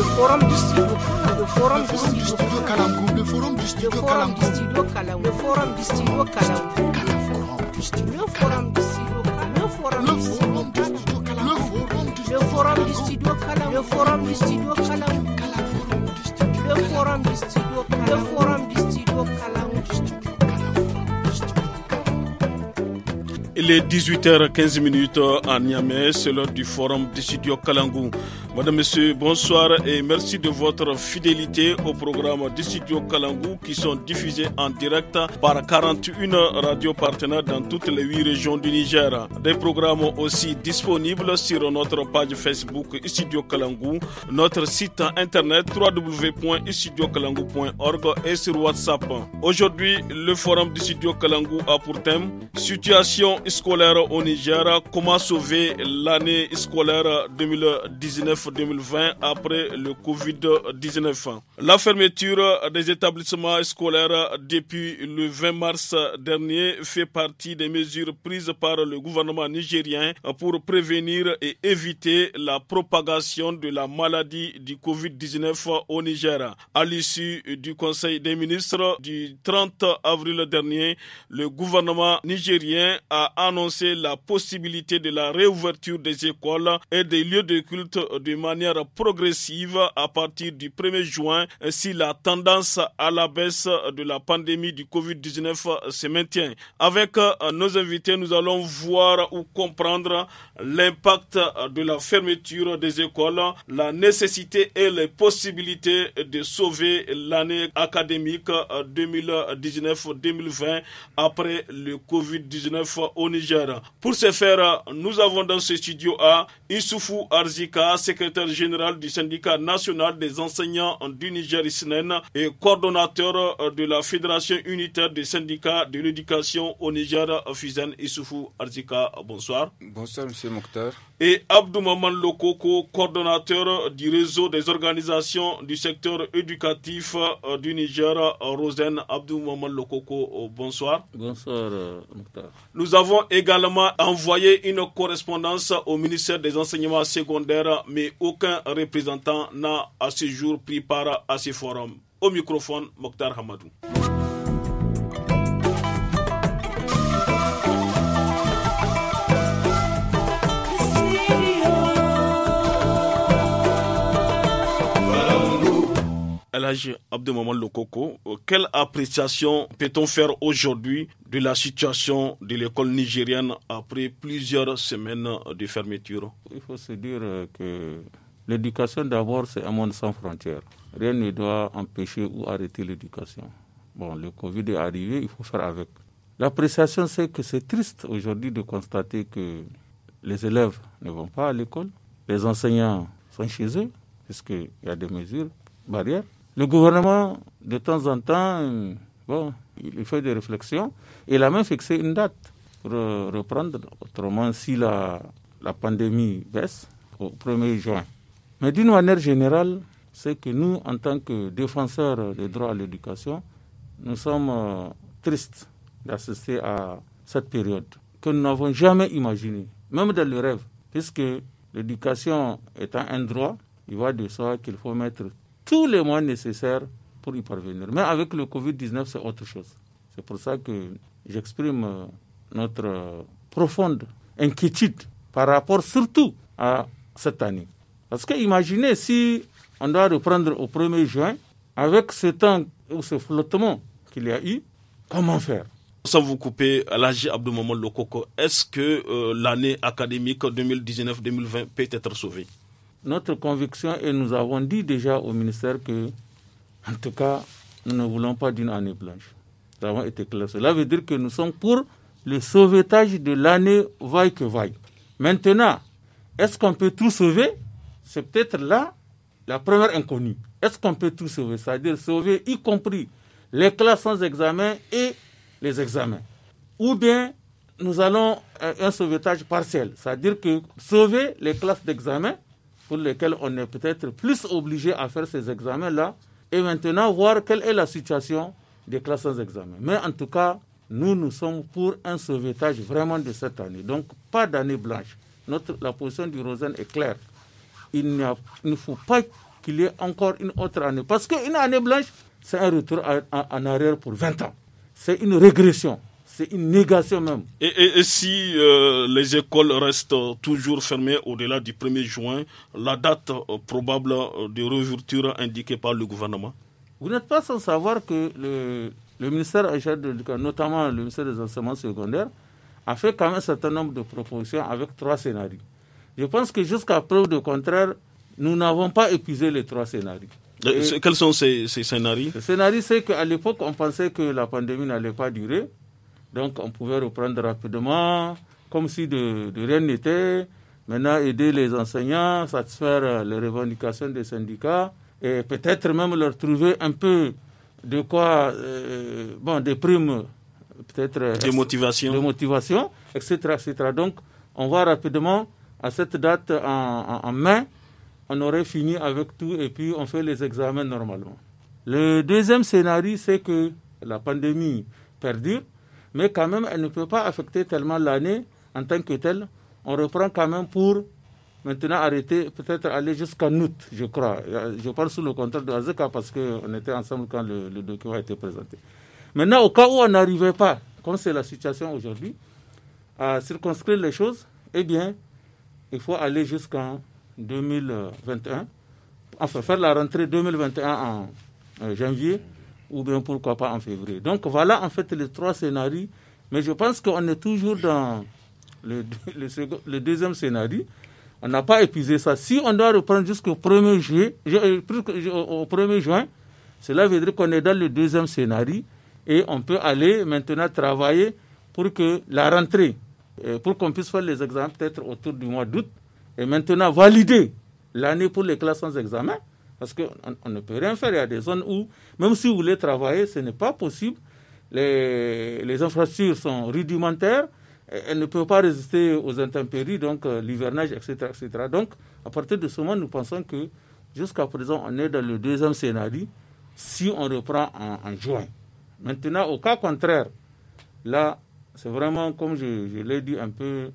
le forum du studio le forum du studio le forum du studio le forum du studio le forum du studio le forum du studio le forum du studio le forum du studio le forum du studio le forum du studio Il est 18h15 à Niamey, c'est l'heure du forum studios Kalangou. Madame, Monsieur, bonsoir et merci de votre fidélité au programme du studio Kalangou qui sont diffusés en direct par 41 radios partenaires dans toutes les 8 régions du Niger. Des programmes aussi disponibles sur notre page Facebook Studio Kalangou, notre site internet www.studiokalangou.org et sur WhatsApp. Aujourd'hui, le forum du studio Kalangou a pour thème Situation scolaire au Niger, comment sauver l'année scolaire 2019 2020 après le Covid-19. La fermeture des établissements scolaires depuis le 20 mars dernier fait partie des mesures prises par le gouvernement nigérien pour prévenir et éviter la propagation de la maladie du Covid-19 au Niger. À l'issue du Conseil des ministres du 30 avril dernier, le gouvernement nigérien a annoncé la possibilité de la réouverture des écoles et des lieux de culte du de manière progressive à partir du 1er juin si la tendance à la baisse de la pandémie du Covid-19 se maintient. Avec euh, nos invités, nous allons voir ou comprendre l'impact de la fermeture des écoles, la nécessité et les possibilités de sauver l'année académique 2019-2020 euh, après le Covid-19 au Niger. Pour ce faire, nous avons dans ce studio à Issoufou Arzika, secrétaire général du syndicat national des enseignants du Niger e et coordonnateur euh, de la Fédération unitaire des syndicats de l'éducation au Niger, fusen Issoufou Arzika. Bonsoir. Bonsoir, Monsieur Mokhtar et Abdou Maman Lokoko, coordonnateur du réseau des organisations du secteur éducatif euh, du Niger, euh, Rosen. Abdou Maman Lokoko, euh, bonsoir. Bonsoir, Mokhtar. Nous avons également envoyé une correspondance au ministère des Enseignements secondaires, mais aucun représentant n'a à ce jour pris part à ce forum. Au microphone, Mokhtar Hamadou. L'âge Abdelmaman Lokoko, euh, quelle appréciation peut-on faire aujourd'hui de la situation de l'école nigérienne après plusieurs semaines de fermeture Il faut se dire euh, que l'éducation d'abord, c'est un monde sans frontières. Rien ne doit empêcher ou arrêter l'éducation. Bon, le Covid est arrivé, il faut faire avec. L'appréciation, c'est que c'est triste aujourd'hui de constater que les élèves ne vont pas à l'école, les enseignants sont chez eux, puisqu'il y a des mesures barrières. Le gouvernement, de temps en temps, bon, il fait des réflexions. Et il a même fixé une date pour euh, reprendre. Autrement, si la, la pandémie baisse, au 1er juin. Mais d'une manière générale, c'est que nous, en tant que défenseurs des droits à l'éducation, nous sommes euh, tristes d'assister à cette période que nous n'avons jamais imaginée, même dans le rêve, puisque l'éducation étant un droit, il va de soi qu'il faut mettre tous les mois nécessaires pour y parvenir. Mais avec le Covid-19, c'est autre chose. C'est pour ça que j'exprime euh, notre euh, profonde inquiétude par rapport surtout à cette année. Parce que imaginez si on doit reprendre au 1er juin, avec ce temps ou ce flottement qu'il y a eu, comment faire sans vous couper, l'âge Abdou Maman Lokoko, est-ce que euh, l'année académique 2019-2020 peut être sauvée notre conviction, et nous avons dit déjà au ministère que, en tout cas, nous ne voulons pas d'une année blanche. Nous avons été clairs. Cela veut dire que nous sommes pour le sauvetage de l'année vaille que vaille. Maintenant, est-ce qu'on peut tout sauver C'est peut-être là la première inconnue. Est-ce qu'on peut tout sauver C'est-à-dire sauver y compris les classes sans examen et les examens. Ou bien nous allons euh, un sauvetage partiel, c'est-à-dire que sauver les classes d'examen pour lesquels on est peut-être plus obligé à faire ces examens-là, et maintenant voir quelle est la situation des classes sans Mais en tout cas, nous, nous sommes pour un sauvetage vraiment de cette année. Donc, pas d'année blanche. Notre, la position du Rosen est claire. Il, ne faut pas qu'il y ait encore une autre année. Parce qu'une année blanche, c'est un retour en arrière pour 20 ans. C'est une régression c'est une négation même. Et, si euh, les écoles restent toujours fermées au-delà du 1er juin, la date euh, probable euh, de réouverture indiquée par le gouvernement Vous n'êtes pas sans savoir que le, ministère notamment le ministère des enseignements secondaires, a fait quand même un certain nombre de propositions avec trois scénarios. Je pense que jusqu'à preuve de contraire, nous n'avons pas épuisé les trois scénarios. Quels sont ces, ces scénarios Le scénario, c'est qu'à l'époque, on pensait que la pandémie n'allait pas durer. Donc on pouvait reprendre rapidement, comme si de, rien n'était. Maintenant, aider les enseignants, satisfaire les revendications des syndicats et peut-être même leur trouver un peu de quoi, euh, bon, des primes, peut-être. Des motivations. Des motivations, etc., etc. Donc, on va rapidement, à cette date en, en, en mai, on aurait fini avec tout et puis on fait les examens normalement. Le deuxième scénario, c'est que la pandémie perdure mais quand même, elle ne peut pas affecter tellement l'année en tant que telle. On reprend quand même pour maintenant arrêter, peut-être aller jusqu'en août, je crois. Je parle sous le contrôle de Azeka parce qu'on était ensemble quand le, document a été présenté. Maintenant, au cas où on n'arrivait pas, comme c'est la situation aujourd'hui, à circonscrire les choses, eh bien, il faut aller jusqu'en 2021, enfin faire la rentrée 2021 en euh, janvier ou bien pourquoi pas en février. Donc voilà en fait les trois scénarios, mais je pense qu'on est toujours dans le, le, deuxième scénario. On n'a pas épuisé ça. Si on doit reprendre jusqu'au 1er euh, au 1 juin, cela veut dire qu'on est dans le deuxième scénario et on peut aller maintenant travailler pour que la rentrée, euh, pour qu'on puisse faire les examens peut-être autour du mois d'août et maintenant valider l'année pour les classes sans examen. Parce qu'on on ne peut rien faire. Il y a des zones où, même si vous voulez travailler, ce n'est pas possible. Les, les infrastructures sont rudimentaires. Elles ne peuvent pas résister aux intempéries, donc euh, l'hivernage, etc., Donc, à partir de ce moment, nous pensons que jusqu'à présent, on est dans le deuxième scénario si on reprend en, juin. Maintenant, au cas contraire, là, c'est vraiment, comme je, je l'ai dit, un peu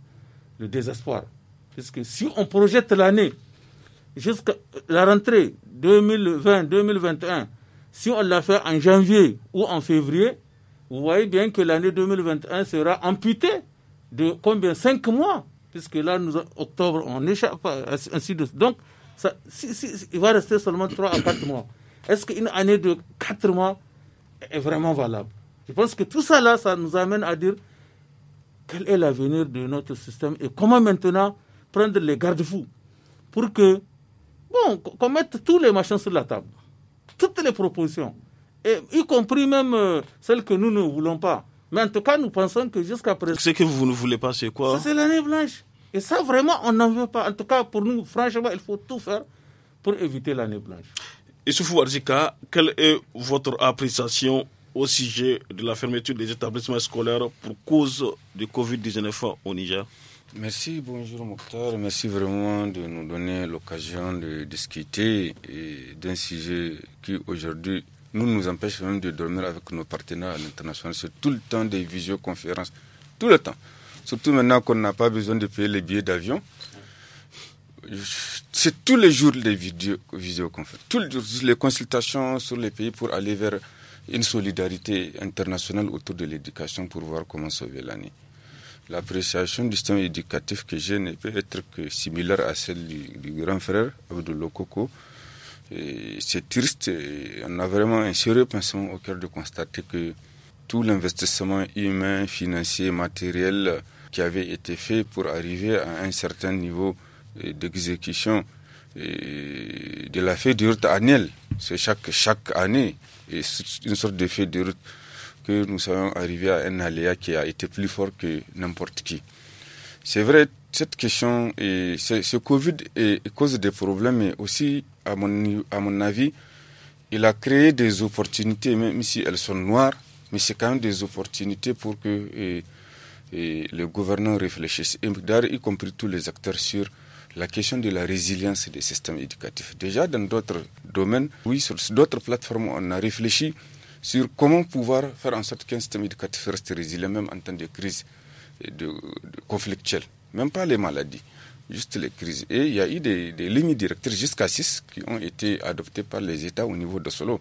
le désespoir. Puisque si on projette l'année jusqu'à la rentrée 2020-2021, si on l'a fait en janvier ou en février, vous voyez bien que l'année 2021 sera amputée de combien 5 mois Puisque là, nous, octobre, on échappe, ainsi de Donc, ça, il va rester seulement 3 à 4 mois. Est-ce qu'une année de 4 mois est vraiment valable Je pense que tout ça, là, ça nous amène à dire quel est l'avenir de notre système et comment maintenant prendre les garde-fous pour que Bon, qu'on mette tous les machins sur la table, toutes les propositions, et y compris même euh, celles que nous ne voulons pas. Mais en tout cas, nous pensons que jusqu'à présent. Ce que vous ne voulez pas, c'est quoi C'est l'année blanche. Et ça, vraiment, on n'en veut pas. En tout cas, pour nous, franchement, il faut tout faire pour éviter l'année blanche. Et Arzika, quelle est votre appréciation au sujet de la fermeture des établissements scolaires pour cause du Covid-19 au Niger Merci, bonjour Mokhtar. Merci vraiment de nous donner l'occasion de discuter d'un sujet qui aujourd'hui nous nous empêche même de dormir avec nos partenaires à l'international. C'est tout le temps des visioconférences, tout le temps. Surtout maintenant qu'on n'a pas besoin de payer les billets d'avion. C'est tous les jours des visioconférences, tous les consultations sur les pays pour aller vers une solidarité internationale autour de l'éducation pour voir comment sauver l'année. L'appréciation du système éducatif que j'ai ne peut être que similaire à celle du, grand frère de Lokoko. C'est triste, on a vraiment un sérieux pincement au cœur de constater que tout l'investissement humain, financier, matériel qui avait été fait pour arriver à un certain niveau euh, d'exécution de la fête de route annuelle, c'est chaque, chaque année, une sorte de fête de route que nous soyons arrivés à un aléa qui a été plus fort que n'importe qui. C'est vrai, cette question, et ce Covid est, cause des problèmes, mais aussi, à mon, à mon avis, il a créé des opportunités, même si elles sont noires, mais c'est quand même des opportunités pour que et, le gouvernement réfléchisse, y compris tous les acteurs, sur la question de la résilience des systèmes éducatifs. Déjà, dans d'autres domaines, oui, sur d'autres plateformes, on a réfléchi sur comment pouvoir faire en sorte qu'un système éducatif reste résilient même en temps de crise de, conflictuelle, même pas les maladies, juste les crises. Et il y a eu des, limites lignes directrices jusqu'à 6 qui ont été adoptées par les États au niveau de Solo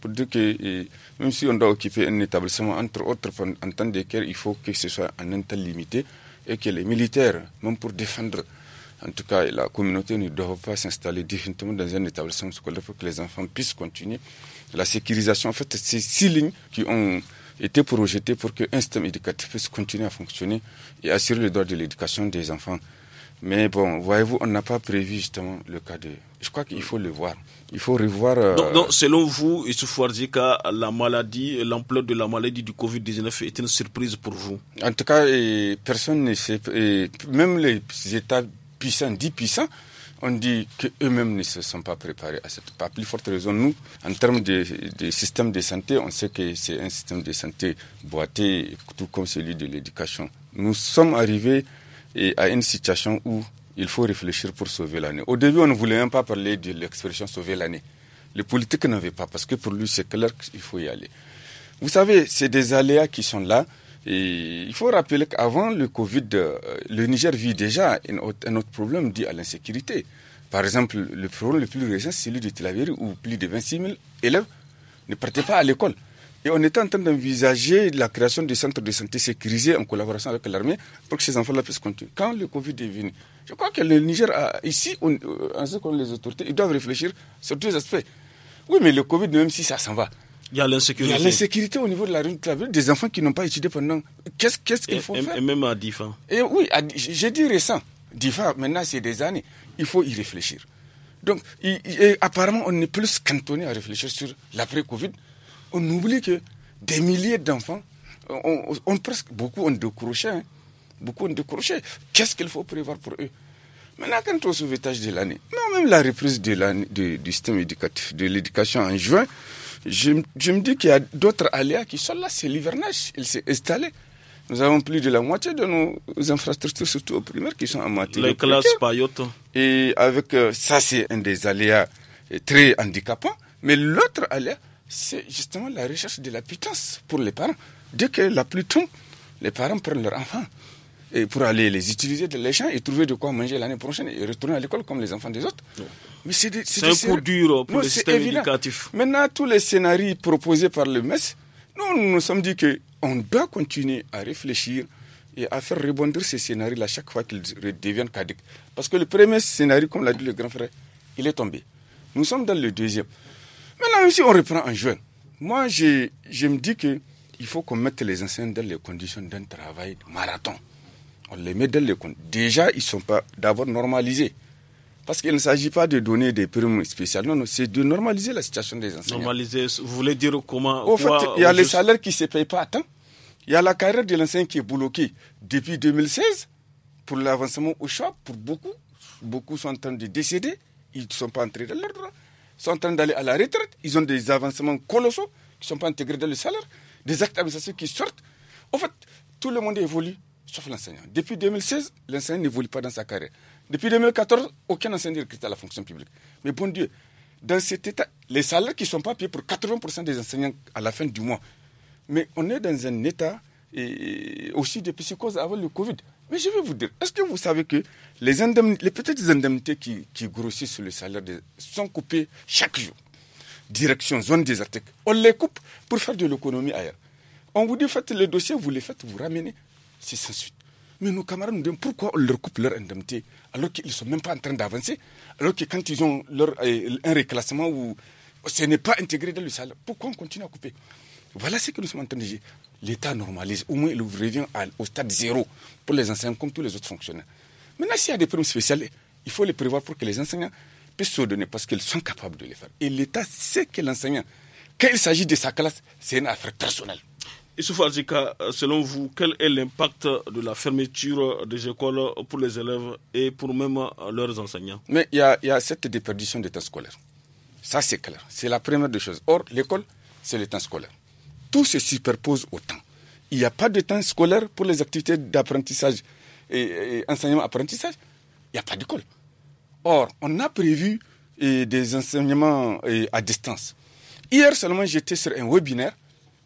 pour dire que même si on doit occuper un établissement, entre autres, en temps de guerre, il faut que ce soit en un temps limité et que les militaires, même pour défendre en tout cas, la communauté ne doit pas s'installer définitivement dans un établissement scolaire pour que les enfants puissent continuer. La sécurisation, en fait, c'est six lignes qui ont été projetées pour un système éducatif puisse continuer à fonctionner et assurer le droit de l'éducation des enfants. Mais bon, voyez-vous, on n'a pas prévu justement le cas de. Je crois qu'il faut le voir. Il faut revoir. Selon euh, Donc, donc, selon vous, Issoufourdika, la maladie, l'ampleur de la maladie du Covid-19 est une surprise pour vous En tout cas, personne ne sait. Même les États puissants, dit puissants, on dit qu'eux-mêmes ne se sont pas préparés à cette. Pas plus forte raison, nous, en termes de, système de santé, on sait que c'est un système de santé boité, tout comme celui de l'éducation. Nous sommes arrivés à une situation où il faut réfléchir pour sauver l'année. Au début, on ne voulait même pas parler de l'expression sauver l'année. Les politiques n'avaient pas, parce que pour lui, c'est clair qu'il faut y aller. Vous savez, c'est des aléas qui sont là. Et il faut rappeler qu'avant le Covid, euh, le Niger vit déjà un autre problème dû à l'insécurité. Par exemple, le problème le plus récent, c'est celui de Tel où plus de 26 000 élèves ne partaient pas à l'école. Et on était en train d'envisager la création de centres de santé sécurisés en collaboration avec l'armée pour que ces enfants-là puissent continuer. Quand le Covid est venu, je crois que le Niger, a, ici, on, en ce qu'on les autorités, ils doivent réfléchir sur deux aspects. Oui, mais le Covid, même si ça s'en va, il y a l'insécurité. au niveau de la rue de la des enfants qui n'ont pas étudié pendant. Qu'est-ce qu'il faut faire Et même à Difa. Et oui, j'ai dit récent. Difa, maintenant, c'est des années. Il faut y réfléchir. Donc, apparemment, on n'est plus cantonné à réfléchir sur l'après-Covid. On oublie que des milliers d'enfants, on, presque, beaucoup ont décroché. Hein. Beaucoup ont décroché. Qu'est-ce qu'il faut prévoir pour eux Maintenant, quand on sauvetage de l'année, même la reprise de, du système éducatif, de l'éducation en juin, je, me dis qu'il y a d'autres aléas qui sont là. C'est l'hivernage. Il s'est installé. Nous avons plus de la moitié de nos infrastructures, surtout aux primaires, qui sont à moitié. Les classes Et avec euh, ça, c'est un des aléas euh, très handicapants. Mais l'autre aléa, c'est justement la recherche de la pitance pour les parents. Dès que la pluie tombe, les parents prennent leur enfants pour aller les utiliser de les champs et trouver de quoi manger l'année prochaine et retourner à l'école comme les enfants des autres. Mais c'est un coup dur pour le Maintenant, tous les scénarios proposés par le MES, nous nous, sommes dit qu'on doit continuer à réfléchir et à faire rebondir ces scénarios-là chaque fois qu'ils deviennent cadets. Parce que le premier scénario, comme l'a dit le grand frère, il est tombé. Nous sommes dans le deuxième. Maintenant, si on reprend en juin, moi, je, je me dis qu'il faut qu'on mette les enseignants dans les conditions d'un travail marathon on les met dans le compte. Déjà, ils ne sont pas d'abord normalisés. Parce qu'il ne s'agit pas de donner des primes spéciales. Non, non, c'est de normaliser la situation des enseignants. Normaliser, vous voulez dire comment Au fait, il y a les salaires qui ne se payent pas à Il y a la carrière de l'enseignant qui est bloquée depuis 2016 pour l'avancement au choix, pour beaucoup. Beaucoup sont en train de décéder. Ils ne sont pas entrés dans leur Ils sont en train d'aller à la retraite. Ils ont des avancements colossaux qui ne sont pas intégrés dans le salaire. Des actes administratifs qui sortent. En fait, tout le monde évolue sauf l'enseignant. Depuis 2016, l'enseignant n'évolue pas dans sa carrière. Depuis 2014, aucun enseignant n'est recruté à la fonction publique. Mais bon Dieu, dans cet état, les salaires qui ne sont pas payés pour 80% des enseignants à la fin du mois. Mais on est dans un état et aussi de psychose avant le Covid. Mais je vais vous dire, est-ce que vous savez que les, petites indemnités qui, grossissent sur le salaire sont coupées chaque jour Direction, zone désertique. On les coupe pour faire de l'économie ailleurs. On vous dit, faites le dossier, vous les faites, vous ramenez c'est sans suite. Mais nos camarades nous demandent pourquoi on leur coupe leur indemnité alors qu'ils ne sont même pas en train d'avancer, alors que quand ils ont euh, un reclassement Ou ce n'est pas intégré dans le salaire, pourquoi on continue à couper Voilà ce que nous sommes en train de dire. L'État normalise, au moins il revient au stade zéro pour les enseignants comme tous les autres fonctionnaires. Maintenant, s'il y a des primes spéciales, il faut les prévoir pour que les enseignants puissent se donner parce qu'ils sont capables de les faire. Et l'État sait que l'enseignant, quand il s'agit de sa classe, c'est une affaire personnelle. Issouf euh, selon vous, quel est l'impact de la fermeture des écoles pour les élèves et pour même euh, leurs enseignants Mais il y, a cette déperdition de temps scolaire. Ça, c'est clair. C'est la première des choses. Or, l'école, c'est le temps scolaire. Tout se superpose au temps. Il n'y a pas de temps scolaire pour les activités d'apprentissage et, enseignement-apprentissage. Il n'y a pas d'école. Or, on a prévu eh, des enseignements eh, à distance. Hier seulement, j'étais sur un webinaire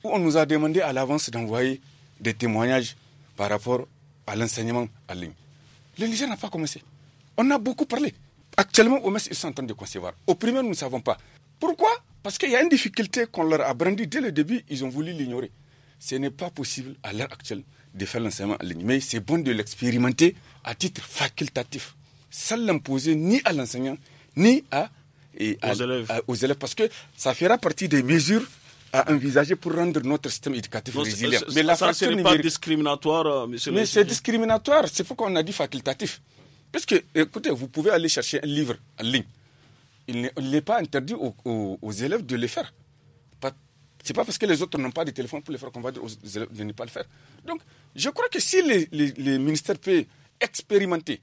on nous a demandé à l'avance d'envoyer des témoignages par rapport à l'enseignement en ligne. Le n'a pas commencé. On a beaucoup parlé. Actuellement, au MES, ils sont en train de concevoir. Au primaire, nous ne savons pas. Pourquoi Parce qu'il y a une difficulté qu'on leur a brandie dès le début, ils ont voulu l'ignorer. Ce n'est pas possible à l'heure actuelle de faire l'enseignement en ligne, mais c'est bon de l'expérimenter à titre facultatif, sans l'imposer ni à l'enseignant, ni à, et aux élèves, parce que ça fera partie des mesures à envisager pour rendre notre système éducatif résilient. Mais la ça serait pas discriminatoire, euh, monsieur Mais c'est discriminatoire, c'est pourquoi on a dit facultatif. Parce que, écoutez, vous pouvez aller chercher un livre en ligne. Il n'est pas interdit aux, élèves de le faire. C'est pas parce que les autres n'ont pas de téléphone pour le faire qu'on va dire aux élèves de ne pas le faire. Donc, je crois que si les, les, les ministères peuvent expérimenter,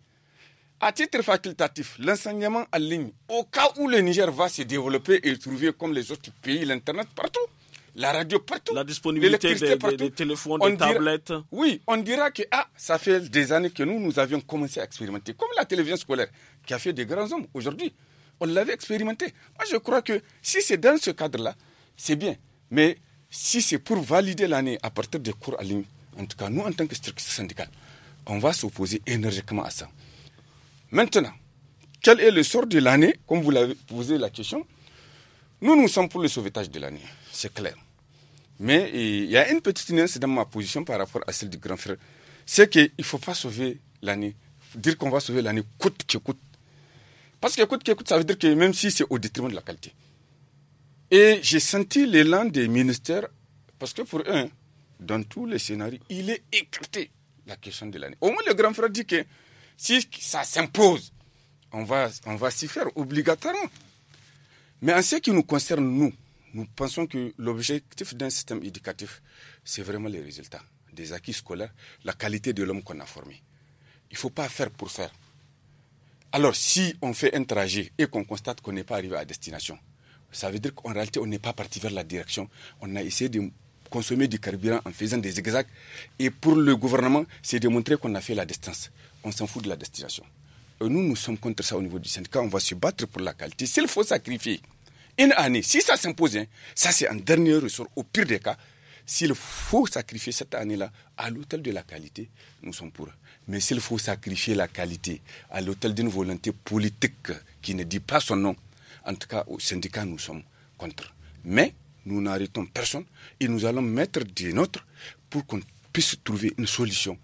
à titre facultatif, l'enseignement en ligne, au cas où le Niger va se développer et trouver comme les autres pays l'Internet partout la radio partout, la disponibilité des, partout. téléphones, des tablettes. Oui, on dira que ah, ça fait des années que nous, nous avions commencé à expérimenter, comme la télévision scolaire, qui a fait des grands hommes aujourd'hui. On l'avait expérimenté. Moi, je crois que si c'est dans ce cadre-là, c'est bien. Mais si c'est pour valider l'année à partir des cours à ligne, en tout cas, nous, en tant que structure syndicale, on va s'opposer énergiquement à ça. Maintenant, quel est le sort de l'année Comme vous l'avez posé la question, nous, nous sommes pour le sauvetage de l'année c'est clair. Mais euh, il y a une petite nuance dans ma position par rapport à celle du grand frère. C'est qu'il ne faut pas sauver l'année. Dire qu'on va sauver l'année coûte que coûte. Parce que coûte que coûte, ça veut dire que même si c'est au détriment de la qualité. Et j'ai senti l'élan des ministères, parce que pour un, dans tous les scénarios, il est écarté la question de l'année. Au moins, le grand frère dit que si ça s'impose, on va, on va s'y faire obligatoirement. Mais en ce qui nous concerne, nous, nous pensons que l'objectif d'un système éducatif, c'est vraiment les résultats, des acquis scolaires, la qualité de l'homme qu'on a formé. Il ne faut pas faire pour faire. Alors, si on fait un trajet et qu'on constate qu'on n'est pas arrivé à destination, ça veut dire qu'en réalité, on n'est pas parti vers la direction. On a essayé de consommer du carburant en faisant des zigzags. Et pour le gouvernement, c'est de montrer qu'on a fait la distance. On s'en fout de la destination. Et nous, nous sommes contre ça au niveau du syndicat. On va se battre pour la qualité. S'il faut sacrifier, une année, si ça s'impose, hein, ça c'est un dernier ressort. Au pire des cas, s'il faut sacrifier cette année-là à l'hôtel de la qualité, nous sommes pour. Mais s'il faut sacrifier la qualité à l'hôtel d'une volonté politique qui ne dit pas son nom, en tout cas au syndicat, nous sommes contre. Mais nous n'arrêtons personne et nous allons mettre des nôtres pour qu'on puisse trouver une solution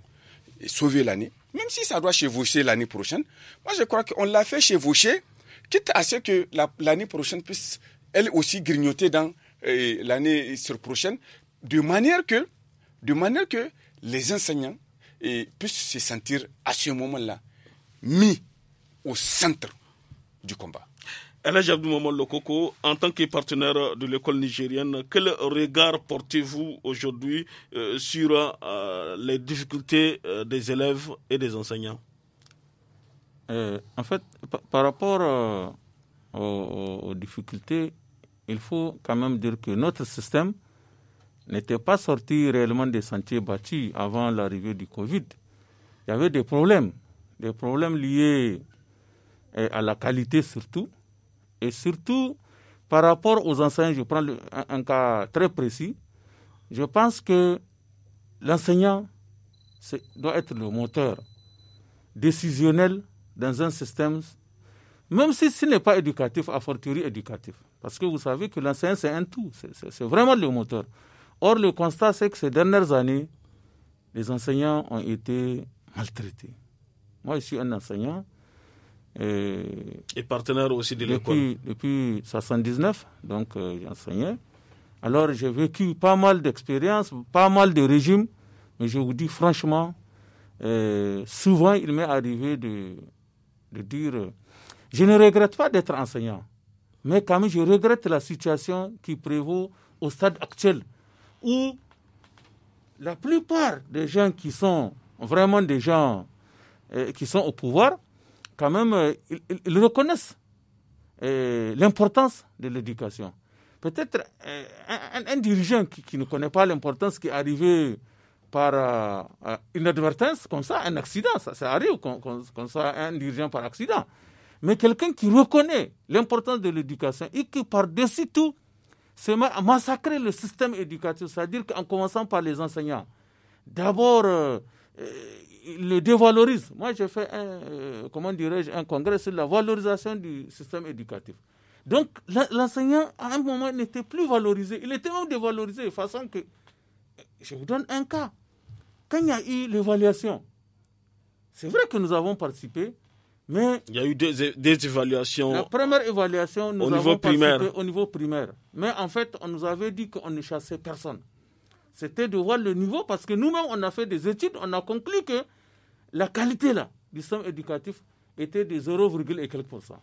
et sauver l'année. Même si ça doit chevaucher l'année prochaine, moi je crois qu'on l'a fait chevaucher quitte à ce que l'année prochaine puisse, elle aussi, grignoter dans euh, l'année sur prochaine, de manière que, de manière que les enseignants euh, puissent se sentir à ce moment-là mis au centre du combat. Elage Abdou Maman Lokoko, en tant que partenaire de l'école nigérienne, quel regard portez-vous aujourd'hui euh, sur les difficultés des élèves et des enseignants euh, en fait, par rapport euh, aux, difficultés, il faut quand même dire que notre système n'était pas sorti réellement des sentiers bâtis avant l'arrivée du Covid. Il y avait des problèmes, des problèmes liés euh, à la qualité surtout, et surtout par rapport aux enseignants. Je prends un cas très précis. Je pense que l'enseignant doit être le moteur décisionnel dans un système, même si ce n'est pas éducatif, a fortiori éducatif. Parce que vous savez que l'enseignant, c'est un tout, c'est vraiment le moteur. Or, le constat, c'est que ces dernières années, les enseignants ont été maltraités. Moi, je suis un enseignant. Et, partenaire aussi de l'école. Depuis 1979, donc euh, j'enseignais. Alors j'ai vécu pas mal d'expériences, pas mal de régimes, mais je vous dis franchement, euh, souvent il m'est arrivé de, dire je ne regrette pas d'être enseignant, mais quand même je regrette la situation qui prévaut au stade actuel, où la plupart des gens qui sont vraiment des gens euh, qui sont au pouvoir, quand même, euh, ils, reconnaissent euh, l'importance de l'éducation. Peut-être un, dirigeant qui, qui, ne connaît pas l'importance qui est arrivé par euh, euh, une advertence, comme ça, un accident. Ça, arrive qu'on soit un dirigeant par accident. Mais quelqu'un qui reconnaît l'importance de l'éducation et qui, par-dessus tout, se met massacrer le système éducatif, c'est-à-dire qu'en commençant par les enseignants, d'abord, euh, euh le dévalorise. Moi, j'ai fait un, comment dirais-je, un congrès sur la valorisation du système éducatif. Donc, l'enseignant, à un moment, n'était plus valorisé. Il était même dévalorisé, de façon que... Je vous donne un cas quand il y a eu l'évaluation, c'est vrai que nous avons participé, mais... Il y a eu des, évaluations. La première évaluation, nous avons niveau au niveau primaire. Mais en fait, on nous avait dit qu'on ne chassait personne. C'était de voir le niveau, parce que nous-mêmes, on a fait des études, on a conclu que la qualité là, du système éducatif était de 0, et quelques pourcents.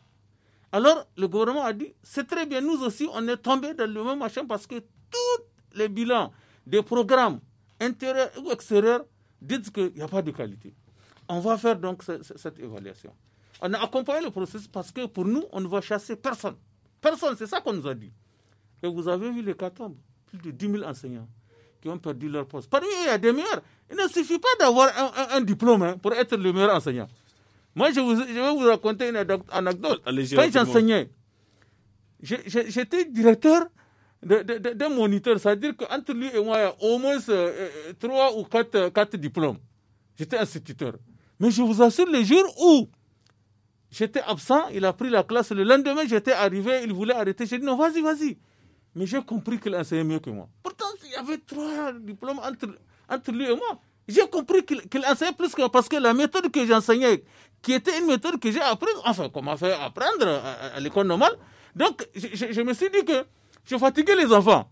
Alors, le gouvernement a dit, c'est très bien, nous aussi, on est tombé dans le même machin parce que tous les bilans des programmes intérieur ou extérieur, dites qu'il n'y a pas de qualité. On va faire donc cette évaluation. On a accompagné le processus parce que pour nous, on ne va chasser personne. Personne, c'est ça qu'on nous a dit. Et vous avez vu les hommes, plus de 10 000 enseignants qui ont perdu leur poste. Parmi eux, il y a des meilleurs. Il ne suffit pas d'avoir un, diplôme hein, pour être le meilleur enseignant. Moi, je, vous, je vais vous raconter une anecdote. Quand j'enseignais, j'étais directeur d'un moniteur. C'est-à-dire qu'entre lui et moi, il y a au moins euh, euh, trois ou quatre, euh, quatre diplômes. J'étais instituteur. Mais je vous assure, les jours où j'étais absent, il a pris la classe. Le lendemain, j'étais arrivé, il voulait arrêter. J'ai dit non, vas-y, vas-y. Mais j'ai compris qu'il enseignait mieux que moi. Pourtant, il y avait trois diplômes entre, entre lui et moi. J'ai compris qu'il enseignait plus que moi parce que la méthode que j'enseignais, qui était une méthode que j'ai apprise, enfin, qu'on m'a fait apprendre à, l'école normale. Donc, je, je me suis dit que je fatiguais les enfants.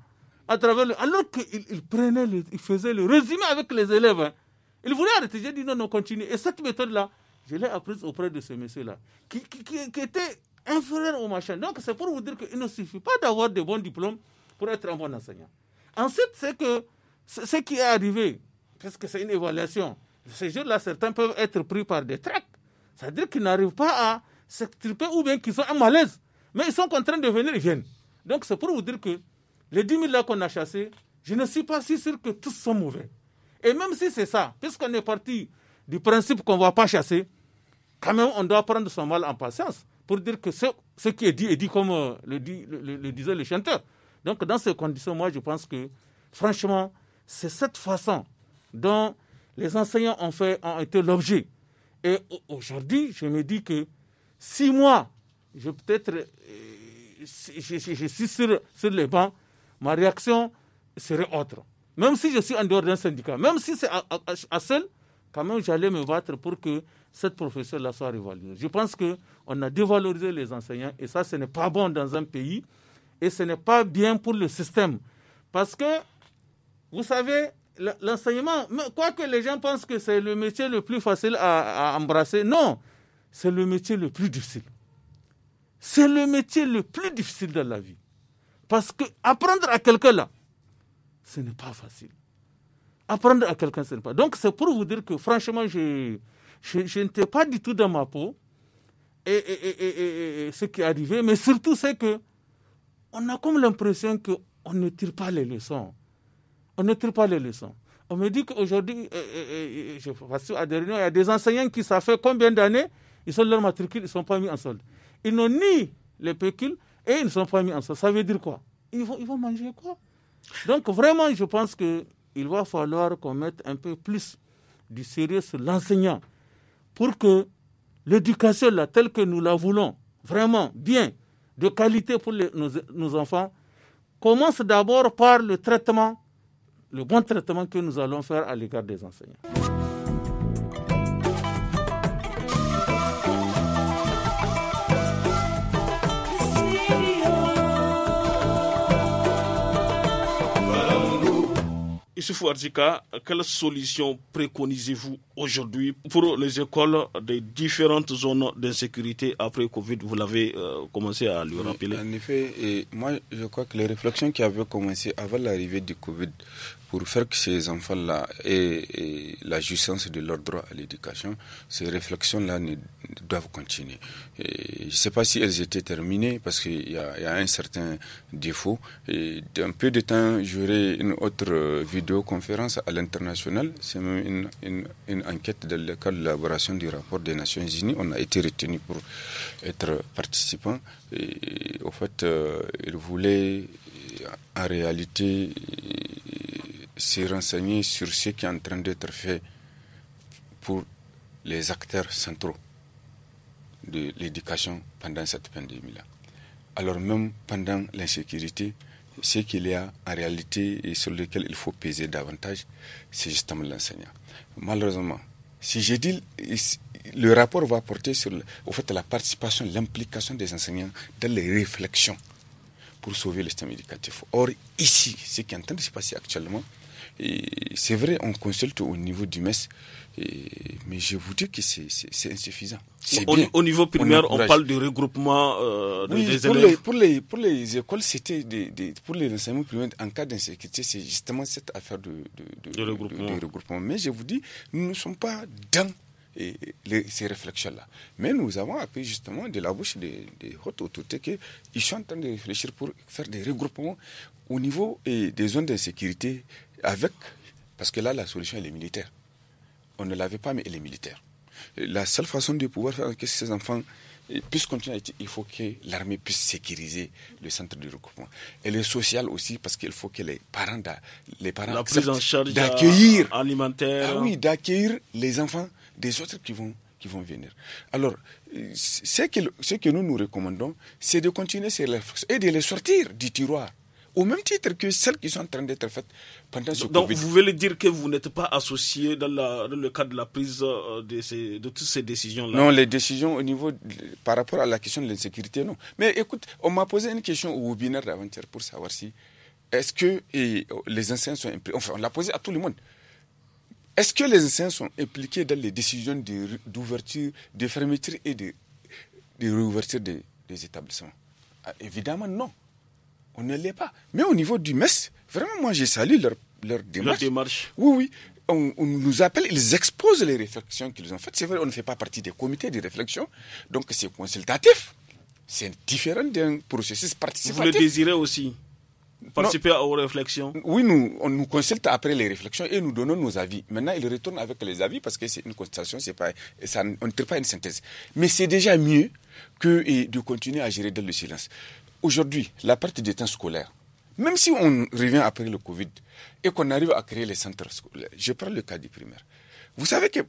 À travers Alors qu'ils faisaient le résumé avec les élèves. Hein. Ils voulaient arrêter. J'ai dit non, non, continue. Et cette méthode-là, je l'ai apprise auprès de ce monsieur-là, qui, qui, qui, était inférieur au machin. Donc, c'est pour vous dire qu'il ne suffit pas d'avoir de bons diplômes pour être un bon enseignant. Ensuite, c'est que ce qui est arrivé, parce que c'est une évaluation, ces jeunes-là, certains peuvent être pris par des tracts. C'est-à-dire qu'ils n'arrivent pas à s'extirper ou bien qu'ils sont à malaise. Mais ils sont contraints de venir, ils viennent. Donc c'est pour vous dire que les 10 000 là qu'on a chassés, je ne suis pas si sûr que tous sont mauvais. Et même si c'est ça, puisqu'on est parti du principe qu'on ne va pas chasser, quand même on doit prendre son mal en patience pour dire que ce, qui est dit est dit comme euh, le, le, disait le chanteur. Donc dans ces conditions, moi je pense que franchement, c'est cette façon dont les enseignants ont, fait, ont été l'objet. Et aujourd'hui, je me dis que si moi, je peut-être... Euh, je, je, suis sur, sur les bancs, ma réaction serait autre. Même si je suis en dehors d'un syndicat, même si c'est à, seul, quand même j'allais me battre pour que cette profession là soit révalorisée. Je pense qu'on a dévalorisé les enseignants et ça, ce n'est pas bon dans un pays et ce n'est pas bien pour le système. Parce que, vous savez, l'enseignement, quoi que les gens pensent que c'est le métier le plus facile à embrasser, non, c'est le métier le plus difficile c'est le métier le plus difficile de la vie. Parce que apprendre à quelqu'un là, ce n'est pas facile. Apprendre à quelqu'un, ce n'est pas. Donc c'est pour vous dire que franchement, je, je, je n'étais pas du tout dans ma peau. Et, ce qui est arrivé, mais surtout c'est que on a comme l'impression qu'on ne tire pas les leçons. On ne tire pas les leçons. On me dit qu'aujourd'hui, je il y a des enseignants qui, ça fait combien d'années, ils sont leur matricule, ils ne sont pas mis en solde. Ils n'ont ni les pécules et ils ne sont pas mis en ça. Ça veut dire quoi ils vont, ils vont manger quoi Donc vraiment, je pense qu'il va falloir qu'on mette un peu plus du sérieux sur l'enseignant pour que l'éducation, telle que nous la voulons, vraiment bien, de qualité pour nos enfants, commence d'abord par le traitement, le bon traitement que nous allons faire à l'égard des enseignants. Youssouf quelle quelles solutions préconisez-vous aujourd'hui pour les écoles des différentes zones d'insécurité après Covid Vous l'avez euh, commencé à lui rappeler. en effet, et moi je crois que les réflexions qui avaient commencé avant l'arrivée du Covid pour faire que ces enfants-là aient, la jouissance de leur droit à l'éducation, ces réflexions-là doivent continuer. Et je ne sais pas si elles étaient terminées parce qu'il y, a un certain défaut. Et dans peu de temps, j'aurai une autre vidéoconférence à l'international. C'est une, une, enquête dans le cadre de l'élaboration du rapport des Nations Unies. On a été retenu pour être participant. Et, au fait, euh, il ils voulaient en réalité se renseigner sur ce qui est en train d'être fait pour les acteurs centraux de l'éducation pendant cette pandémie-là. Alors même pendant l'insécurité, ce qu'il y a en réalité et sur lequel il faut peser davantage, c'est justement l'enseignant. Malheureusement, si j'ai dit, le rapport va porter sur au fait, la participation, l'implication des enseignants dans les réflexions pour sauver le système éducatif. Or, ici, ce qui est en train de se passer actuellement, c'est vrai, on consulte au niveau du MES, mais je vous dis que c'est insuffisant. Au, niveau primaire, on, parle de regroupement euh, des pour pour, les, écoles, c'était pour les enseignements primaires, en cas d'insécurité, c'est justement cette affaire de, regroupement. Mais je vous dis, nous ne sommes pas dans ces réflexions-là. Mais nous avons appris justement de la bouche des, des hautes autorités qu'ils sont en train de réfléchir pour faire des regroupements au niveau des zones d'insécurité avec, parce que là, la solution, elle est militaire. On ne l'avait pas, mais elle est militaire. La seule façon de pouvoir faire que ces enfants puissent continuer il faut que l'armée puisse sécuriser le centre de recoupement. Et le social aussi, parce qu'il faut que les parents, les parents d'accueillir, alimentaire. Ah oui, d'accueillir les enfants des autres qui vont, qui vont venir. Alors, euh, ce que, ce que nous nous recommandons, c'est de continuer ces et de les sortir du tiroir au même titre que celles qui sont en train d'être faites pendant ce Donc, vous voulez dire que vous n'êtes pas associé dans, le cadre de la prise euh, de, toutes ces décisions-là Non, les décisions au niveau, par rapport à la question de l'insécurité, non. Mais écoute, on m'a posé une question au webinaire d'Aventure pour savoir si, est-ce que euh, les anciens sont impliqués Enfin, on l'a posé à tout le monde. Est-ce que les anciens sont impliqués dans les décisions d'ouverture, de, fermeture et de, de réouverture des, établissements ah, Évidemment, non on ne l'est pas. Mais au niveau du MES, vraiment, moi, j'ai salué leur, démarche. Leur démarche. Oui, oui. On, nous appelle, ils exposent les réflexions qu'ils ont faites. C'est vrai, on ne fait pas partie des comités de réflexion, donc c'est consultatif. C'est différent d'un processus participatif. Vous le désirez aussi Participer aux réflexions Oui, nous, on nous consulte après les réflexions et nous donnons nos avis. Maintenant, ils retournent avec les avis parce que c'est une consultation, c'est pas, ça, on ne tire pas une synthèse. Mais c'est déjà mieux que de continuer à gérer dans le silence. Aujourd'hui, la perte des temps scolaire, même si on revient après le Covid et qu'on arrive à créer les centres scolaires, je prends le cas du primaire. Vous savez que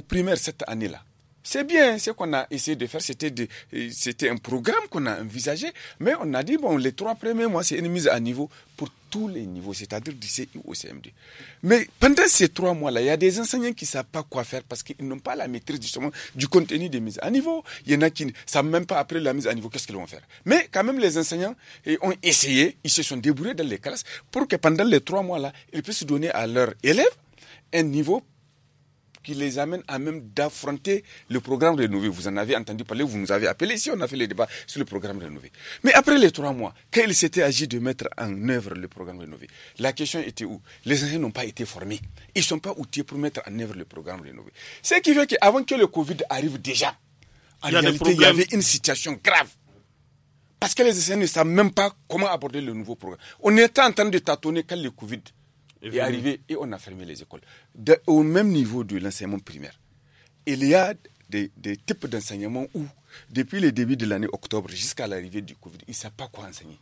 primaire, cette année-là, c'est bien ce qu'on a essayé de faire. Euh, c'était un programme qu'on a envisagé, mais on a dit bon, les trois premiers mois, c'est une mise à niveau pour tous les niveaux, c'est-à-dire du CI au CMD. Mais pendant ces trois mois-là, il y a des enseignants qui ne savent pas quoi faire parce qu'ils n'ont pas la maîtrise justement du contenu des mises à niveau. Il y en a qui ne savent même pas après la mise à niveau qu'est-ce qu'ils vont faire. Mais quand même, les enseignants eh, ont essayé, ils se sont débrouillés dans les classes pour que pendant les trois mois-là, ils puissent donner à leurs élèves un niveau qui les amène à même d'affronter le programme rénové. Vous en avez entendu parler, vous nous avez appelé si on a fait le débat sur le programme rénové. Mais après les trois mois, quand il s'était agi de mettre en œuvre le programme rénové, la question était où Les anciens n'ont pas été formés. Ils ne sont pas outillés pour mettre en œuvre le programme rénové. Ce qui veut qu'avant que le Covid arrive déjà, en il réalité, il y avait une situation grave. Parce que les enseignants ne savent même pas comment aborder le nouveau programme. On était en train de tâtonner quand le Covid et arrivé et on a fermé les écoles. au même niveau de l'enseignement primaire, il y a des, types d'enseignement où, depuis le début de l'année octobre jusqu'à l'arrivée du Covid, ils ne savent pas quoi enseigner.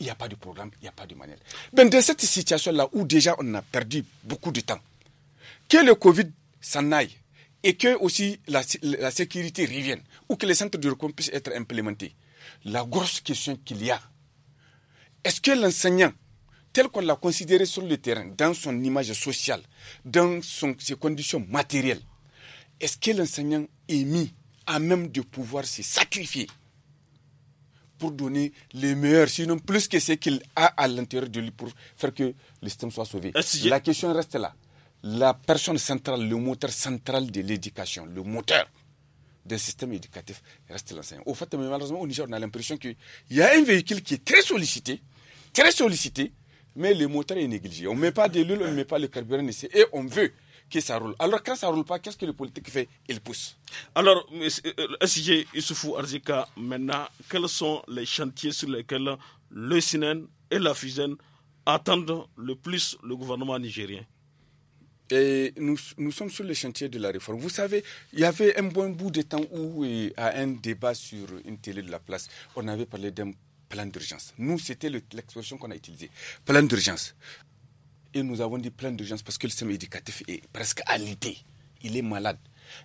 Il n'y a pas de programme, il n'y a pas de manuel. Dans cette situation-là où déjà on a perdu beaucoup de temps, que le Covid s'en aille et que aussi la, la sécurité revienne ou que les centres de recours puissent être implémentés, la grosse question qu'il y a, est-ce que l'enseignant Tel qu'on l'a considéré sur le terrain, dans son image sociale, dans ses conditions matérielles, est-ce que l'enseignant est mis à même de pouvoir se sacrifier pour donner les meilleurs, sinon plus que ce qu'il a à l'intérieur de lui pour faire que le système soit sauvé La question reste là. La personne centrale, le moteur central de l'éducation, le moteur d'un système éducatif reste l'enseignant. Au fait, malheureusement, on a l'impression qu'il y a un véhicule qui est très sollicité, très sollicité, mais le moteur est négligé. On ne met pas de l'huile, on ne met pas le carburant ici. Et on veut que ça roule. Alors quand ça roule pas, qu'est-ce que le politique fait Il pousse. Alors, SG euh, Issoufou Arzika, maintenant, quels sont les chantiers sur lesquels le SINEN et la FUSEN attendent le plus le gouvernement nigérien et nous, nous, sommes sur le chantier de la réforme. Vous savez, il y avait un bon bout de temps où, euh, à un débat sur une télé de la place, on avait parlé d'un plan d'urgence. Nous, c'était l'expression qu'on a utilisée. Plan d'urgence. Et nous avons dit plan d'urgence parce que le système éducatif est presque à alité. Il est malade.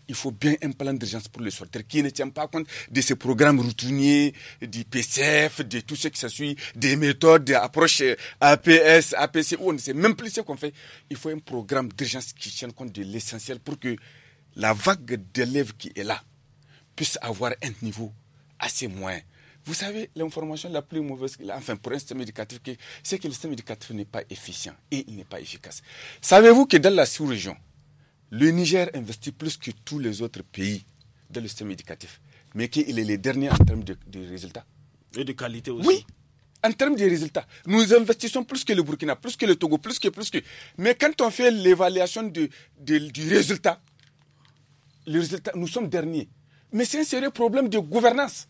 Il faut bien un plan d'urgence pour le sortir qui ne tient pas compte de ces programmes routiniers, du PCF, de tout ce qui se suit, des méthodes, des approches euh, APS, APC, on ne sait même plus ce qu'on fait. Il faut un programme d'urgence qui tienne compte de l'essentiel pour que la vague d'élèves qui est là puisse avoir un niveau assez moyen vous savez, l'information la plus mauvaise, enfin pour un système éducatif, c'est que le système éducatif n'est pas efficient et il n'est pas efficace. Savez-vous que dans la sous-région, le Niger investit plus que tous les autres pays dans le système éducatif, mais qu'il est le dernier en termes de, résultats Et de qualité aussi Oui en termes de résultats, nous investissons plus que le Burkina, plus que le Togo, plus que, plus que. Mais quand on fait l'évaluation du, du résultat, le résultat, nous sommes derniers. Mais c'est un sérieux problème de gouvernance.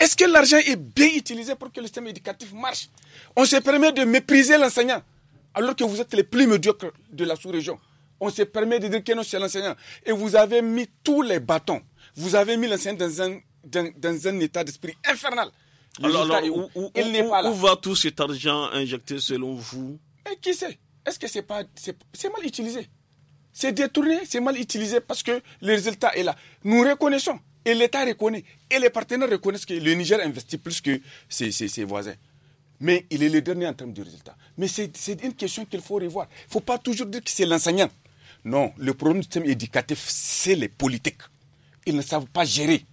Est-ce que l'argent est bien utilisé pour que le système éducatif marche On se permet de mépriser l'enseignant alors que vous êtes les plus médiocres de la sous-région. On se permet de dire que non, c'est l'enseignant. Et vous avez mis tous les bâtons. Vous avez mis l'enseignant dans un, dans, un état d'esprit infernal. alors, où, va tout cet argent injecté selon vous Mais qui sait Est-ce que c'est pas c'est mal utilisé C'est détourné, c'est mal utilisé parce que le résultat est là. Nous reconnaissons et l'État reconnaît, et les partenaires reconnaissent que le Niger investit plus que ses, voisins. Mais il est le dernier en termes de résultats. Mais c'est une question qu'il faut revoir. Il ne faut pas toujours dire que c'est l'enseignant. Non, le problème du système éducatif, c'est les politiques. Ils ne savent pas gérer.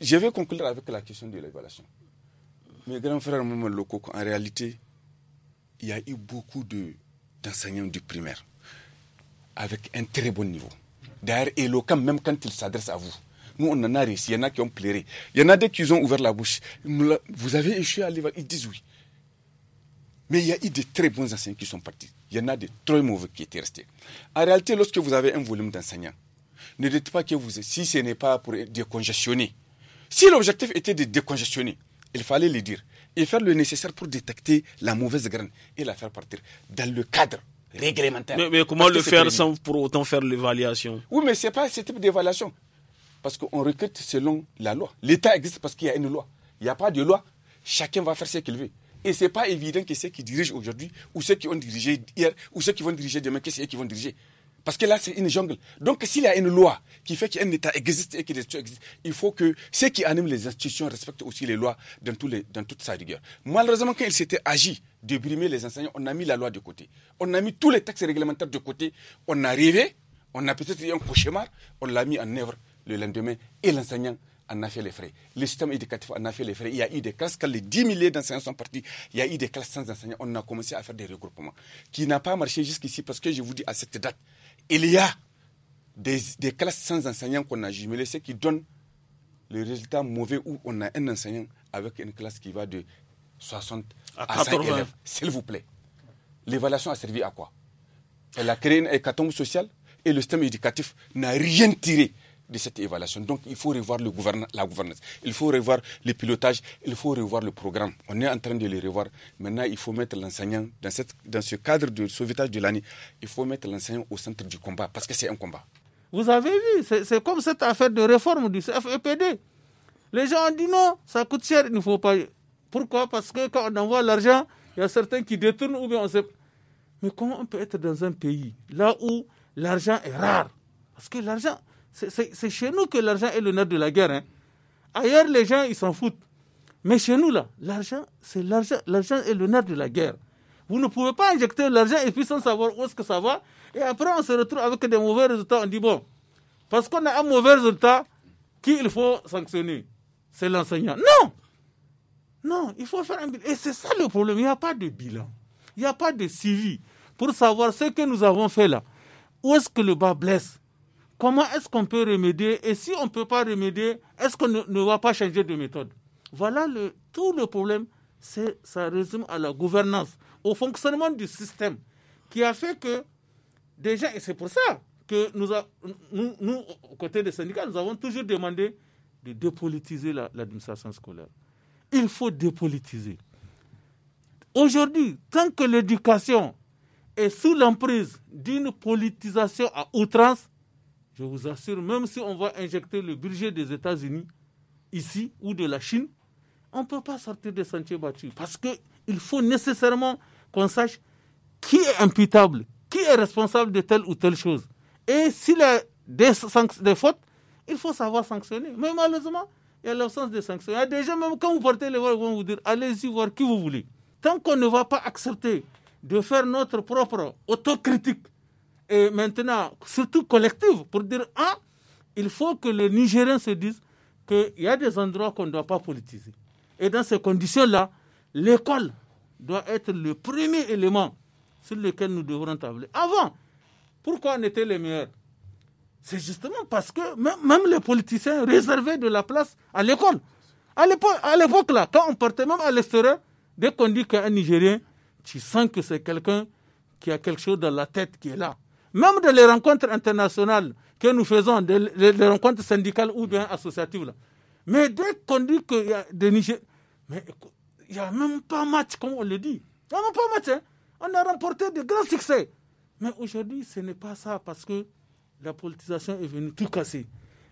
Je vais conclure avec la question de l'évaluation. Mes grands frères, locaux, en réalité, il y a eu beaucoup d'enseignants du primaire avec un très bon niveau. D'ailleurs, éloquent même quand ils s'adressent à vous. Nous, on en a réussi. Il y en a qui ont pleuré. Il y en a des qui ont ouvert la bouche. Vous avez échoué à l'évangile. Ils disent oui. Mais il y a eu des très bons enseignants qui sont partis. Il y en a des très mauvais qui étaient restés. En réalité, lorsque vous avez un volume d'enseignants, ne dites pas que vous, si ce n'est pas pour décongestionner. Si l'objectif était de décongestionner, il fallait le dire et faire le nécessaire pour détecter la mauvaise graine et la faire partir dans le cadre réglementaire. Mais, comment le faire sans pour autant faire l'évaluation Oui, mais ce n'est pas ce type d'évaluation. Parce qu'on recrute selon la loi. L'État existe parce qu'il y a une loi. Il n'y a pas de loi. Chacun va faire ce qu'il veut. Et ce n'est pas évident que ceux qui dirigent aujourd'hui, ou ceux qui ont dirigé hier, ou ceux qui vont diriger demain, que ce qui vont diriger. Parce que là, c'est une jungle. Donc, s'il y a une loi qui fait qu'un État existe et que existe, institutions existent, il faut que ceux qui animent les institutions respectent aussi les lois dans, dans toute sa rigueur. Malheureusement, quand il s'était agi de brimer les enseignants, on a mis la loi de côté. On a mis tous les textes réglementaires de côté. On a rêvé, on a peut-être eu un cauchemar, on l'a mis en œuvre le lendemain, et l'enseignant en a fait les frais. Le système éducatif en a fait les frais. Il y a eu des classes, quand les 10 milliers d'enseignants sont partis, il y a eu des classes sans enseignants. On a commencé à faire des regroupements qui n'a pas marché jusqu'ici parce que je vous dis à cette date, il y a des, classes sans enseignants qu'on a jumelées, ce qui donne le résultat mauvais où on a un enseignant avec une classe qui va de 60 à, à élèves. S'il vous plaît, l'évaluation a servi à quoi Elle a créé une hécatombe social et le système éducatif n'a rien tiré de cette évaluation. Donc il faut revoir le la gouvernance, il faut revoir le pilotage, il faut revoir le programme. On est en train de le revoir. Maintenant, il faut mettre l'enseignant dans, cette, dans ce cadre de sauvetage de l'année. Il faut mettre l'enseignant au centre du combat parce que c'est un combat. Vous avez vu, c'est comme cette affaire de réforme du CFEPD. Les gens ont dit non, ça coûte cher, il ne faut pas. Pourquoi Parce que quand on envoie l'argent, il y a certains qui détournent ou bien on sait. Mais comment on peut être dans un pays là où l'argent est rare Parce que l'argent, c'est chez nous que l'argent est le nerf de la guerre. Hein. Ailleurs, les gens, ils s'en foutent. Mais chez nous, là, l'argent, c'est l'argent. L'argent est le nerf de la guerre. Vous ne pouvez pas injecter l'argent et puis sans savoir où est-ce que ça va. Et après, on se retrouve avec des mauvais résultats. On dit, bon, parce qu'on a un mauvais résultat, qui il faut sanctionner C'est l'enseignant. Non Non, il faut faire un bilan. Et c'est ça le problème. Il n'y a pas de bilan. Il n'y a pas de suivi pour savoir ce que nous avons fait là. Où est-ce que le bas blesse Comment est-ce qu'on peut remédier Et si on ne peut pas remédier, est-ce qu'on ne, va pas changer de méthode Voilà le, tout le problème. C'est, ça résume à la gouvernance, au fonctionnement du système, qui a fait que, déjà, et c'est pour ça que nous, nous, aux côtés des syndicats, nous avons toujours demandé de dépolitiser l'administration scolaire. Il faut dépolitiser. Aujourd'hui, tant que l'éducation est sous l'emprise d'une politisation à outrance, je vous assure, même si on va injecter le budget des États-Unis ici ou de la Chine, on ne peut pas sortir des sentiers battus parce qu'il faut nécessairement qu'on sache qui est imputable, qui est responsable de telle ou telle chose. Et s'il y a des, fautes, il faut savoir sanctionner. Mais malheureusement, il y a l'absence de sanctions. Il y a des gens, même quand vous portez les voix, ils vont vous dire allez-y voir qui vous voulez. Tant qu'on ne va pas accepter de faire notre propre autocritique et maintenant, surtout collective, pour dire, ah, il faut que les Nigériens se disent qu'il y a des endroits qu'on ne doit pas politiser. Et dans ces conditions-là, l'école doit être le premier élément sur lequel nous devrons tabler. Avant, pourquoi on était les meilleurs C'est justement parce que même les politiciens réservaient de la place à l'école. À l'époque, là, quand on partait même à l'extérieur, dès qu'on dit qu'un Nigérien, tu sens que c'est quelqu'un qui a quelque chose dans la tête qui est là. Même dans les rencontres internationales que nous faisons, des, les, rencontres syndicales ou bien associatives, Mais dès qu'on dit qu'il y a des Niger, mais il n'y a même pas match, comme on le dit. Il n'y a même pas match. Hein. On a remporté de grands succès. Mais aujourd'hui, ce n'est pas ça parce que la politisation est venue tout casser.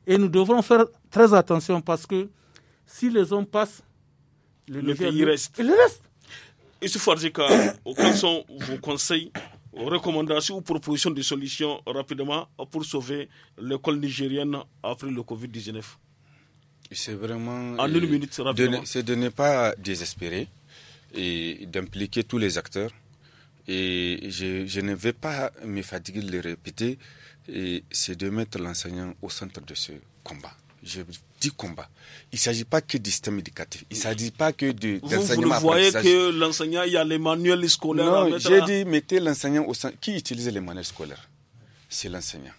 Et nous devons faire très attention parce que si les hommes passent, le, le pays reste. Il reste. Et ce quels sont vos conseils recommandations ou propositions de solutions rapidement pour sauver l'école nigérienne après le Covid-19 C'est vraiment. En une euh, minute, C'est de ne pas désespérer et d'impliquer tous les acteurs. Et je, ne vais pas me fatiguer de le répéter. Et c'est de mettre l'enseignant au centre de ce combat je dis combat. Il ne s'agit pas que du système éducatif. Il ne s'agit pas que de l'enseignement. Vous, voyez que l'enseignant, il y a les manuels scolaires. Non, j'ai dit, mettez l'enseignant au centre. Qui utilise les manuels scolaires C'est l'enseignant.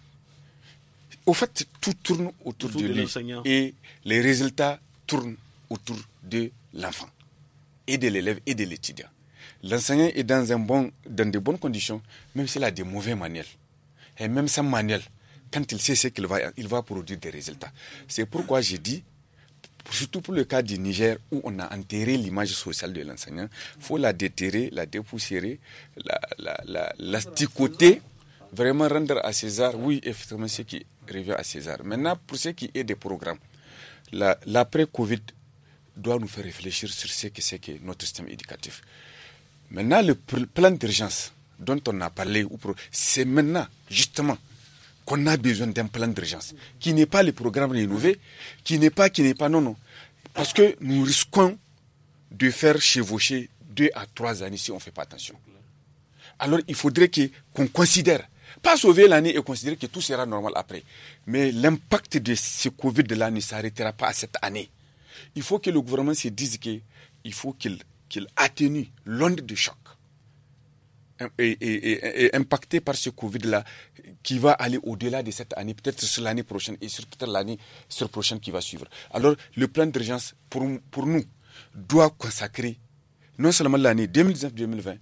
Au fait, tout tourne autour, de, lui. Et les résultats tournent autour de l'enfant, et de l'élève, et de l'étudiant. L'enseignant est dans, un bon, dans de bonnes conditions, même s'il a des mauvais manuels. Et même sans manuel, quand il sait ce qu'il va, il va produire des résultats. C'est pourquoi j'ai dit, surtout pour le cas du Niger où on a enterré l'image sociale de l'enseignant, il faut la déterrer, la dépoussiérer, la, la, la, la sticoter, vraiment rendre à César, oui, effectivement, ce qui revient à César. Maintenant, pour ce qui est des programmes, l'après-Covid doit nous faire réfléchir sur ce que c'est que notre système éducatif. Maintenant, le plan d'urgence dont on a parlé, c'est maintenant, justement, qu'on a besoin d'un plan d'urgence, qui n'est pas le programme rénové, qui n'est pas, qui n'est pas, non, non. Parce que nous risquons de faire chevaucher deux à trois années si on ne fait pas attention. Alors il faudrait qu'on considère, pas sauver l'année et considérer que tout sera normal après. Mais l'impact de ce Covid de là ne s'arrêtera pas à cette année. Il faut que le gouvernement se dise qu'il faut qu'il qu'il atténue l'onde de choc et impacté par ce Covid-là, qui va aller au-delà de cette année, peut-être sur l'année prochaine et sur peut-être l'année sur prochaine qui va suivre. Alors, le plan d'urgence, pour, pour nous, doit consacrer non seulement l'année 2019-2020,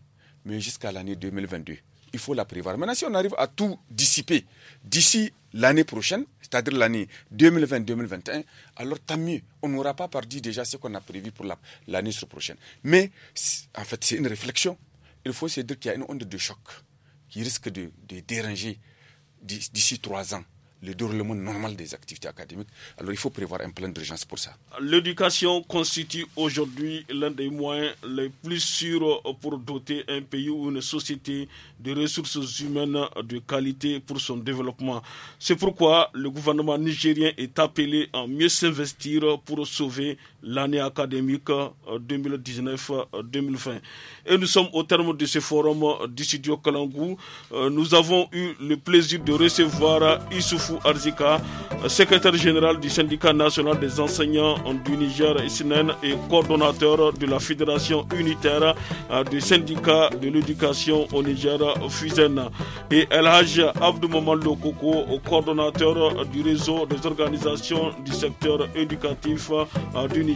mais jusqu'à l'année 2022 il faut la prévoir. Maintenant, si on arrive à tout dissiper d'ici l'année prochaine, c'est-à-dire l'année 2020-2021, alors tant mieux. On n'aura pas perdu déjà ce qu'on a prévu pour l'année sur prochaine. Mais en fait, c'est une réflexion il faut se dire qu'il y a une onde de choc qui risque de, déranger d'ici trois ans le déroulement normal des activités académiques. Alors il faut prévoir un plan d'urgence pour ça. L'éducation constitue aujourd'hui l'un des moyens les plus sûrs pour doter un pays ou une société de ressources humaines de qualité pour son développement. C'est pourquoi le gouvernement nigérien est appelé à mieux s'investir pour sauver l'année académique 2019-2020. Euh, euh, et nous sommes au terme de ce forum euh, du studio Kalangou. Nous avons eu le plaisir de recevoir Issoufou Arzika, secrétaire général du syndicat national des enseignants du Niger et et coordonnateur de la fédération unitaire du syndicat de l'éducation au Niger Fusen. Et Elhage Abdoumaman Lokoko, coordonnateur du réseau des organisations du secteur éducatif du Niger.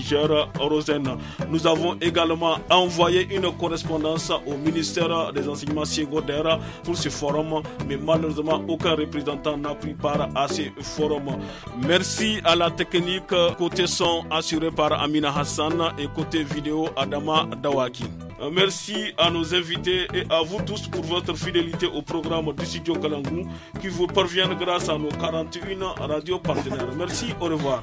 Nous avons également envoyé une correspondance au ministère des Enseignements secondaires pour ce forum, mais malheureusement, aucun représentant n'a pris part à ce forum. Merci à la technique côté son assuré par Amina Hassan et côté vidéo Adama Dawakin. Merci à nos invités et à vous tous pour votre fidélité au programme du studio Kalangou qui vous parvient grâce à nos 41 radios partenaires. Merci, au revoir.